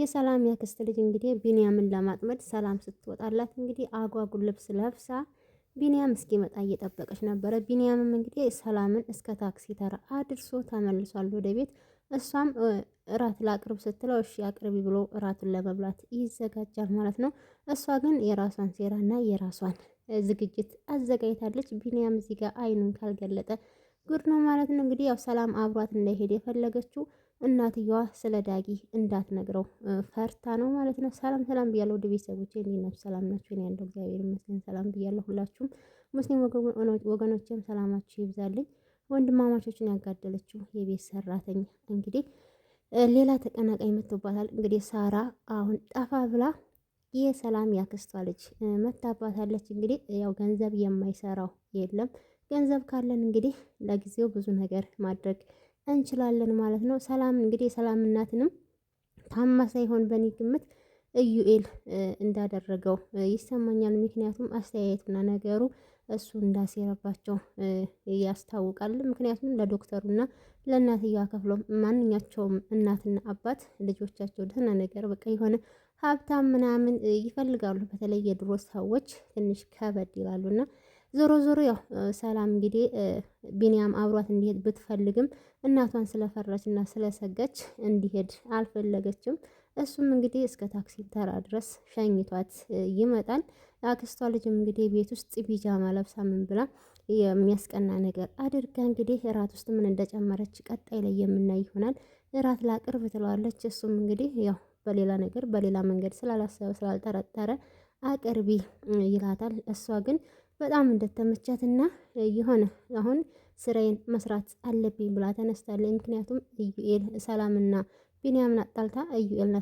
የሰላም ያክስት ልጅ እንግዲህ ቢንያምን ለማጥመድ ሰላም ስትወጣላት እንግዲህ አጓጉል ልብስ ለብሳ ቢንያም እስኪመጣ እየጠበቀች ነበረ። ቢንያምም እንግዲህ ሰላምን እስከ ታክሲ ተራ አድርሶ ተመልሷል ወደ ቤት። እሷም እራት ላቅርብ ስትለው እሺ አቅርቢ ብሎ እራቱን ለመብላት ይዘጋጃል ማለት ነው። እሷ ግን የራሷን ሴራና የራሷን ዝግጅት አዘጋጅታለች። ቢንያም እዚህ ጋር አይኑን ካልገለጠ ጉድ ነው ማለት ነው። እንግዲህ ያው ሰላም አብሯት እንዳይሄድ የፈለገችው እናትየዋ ስለ ዳጊ እንዳትነግረው ፈርታ ነው ማለት ነው። ሰላም ሰላም ብያለሁ ውድ ቤተሰቦቼ፣ እንዴት ናችሁ? ሰላም ናችሁ? እኔ ያለው እግዚአብሔር ይመስገን ሰላም ብያለሁ። ሁላችሁም ሙስሊም ወገኖችም ሰላማችሁ ይብዛልኝ። ወንድማማቾችን ያጋደለችው የቤት ሰራተኛ እንግዲህ ሌላ ተቀናቃኝ መጥቶባታል። እንግዲህ ሳራ አሁን ጠፋ ብላ የሰላም ያክስቷ ልጅ መታባታለች። እንግዲህ ያው ገንዘብ የማይሰራው የለም ገንዘብ ካለን እንግዲህ ለጊዜው ብዙ ነገር ማድረግ እንችላለን ማለት ነው። ሰላም እንግዲህ የሰላም እናትንም ታማ ሳይሆን በእኔ ግምት እዩኤል እንዳደረገው ይሰማኛል። ምክንያቱም አስተያየቱና ነገሩ እሱ እንዳሴረባቸው ያስታውቃል። ምክንያቱም ለዶክተሩና ለእናትየዋ ከፍሎ ማንኛቸውም እናትና አባት ልጆቻቸው ደህና ነገር በቃ የሆነ ሀብታም ምናምን ይፈልጋሉ። በተለይ የድሮ ሰዎች ትንሽ ከበድ ይላሉና ዞሮ ዞሮ ያው ሰላም እንግዲህ ቢኒያም አብሯት እንዲሄድ ብትፈልግም እናቷን ስለፈራችና ስለሰጋች እንዲሄድ አልፈለገችም። እሱም እንግዲህ እስከ ታክሲ ተራ ድረስ ሸኝቷት ይመጣል። አክስቷ ልጅም እንግዲህ ቤት ውስጥ ቢጃማ ለብሳ ምን ብላ የሚያስቀና ነገር አድርጋ እንግዲህ እራት ውስጥ ምን እንደጨመረች ቀጣይ ላይ የምናይ ይሆናል። እራት ላቅርብ ትለዋለች። እሱም እንግዲህ ያው በሌላ ነገር በሌላ መንገድ ስላላሰበ ስላልጠረጠረ አቅርቢ ይላታል። እሷ ግን በጣም እንደተመቻትና የሆነ አሁን ስራዬን መስራት አለብኝ ብላ ተነስታለች። ምክንያቱም ኢዩኤል ሰላምና ቢንያምን አጣልታ ኢዩኤል